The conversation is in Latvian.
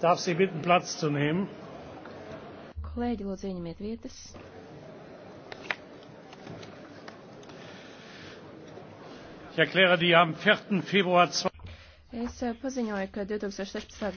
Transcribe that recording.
darf Sie bitten, Platz zu nehmen. Kolēģi, lūdzu, ieņemiet vietas. Ich erkläre die am 4. Februar 2020. Es äh, paziņoju, ka 2016.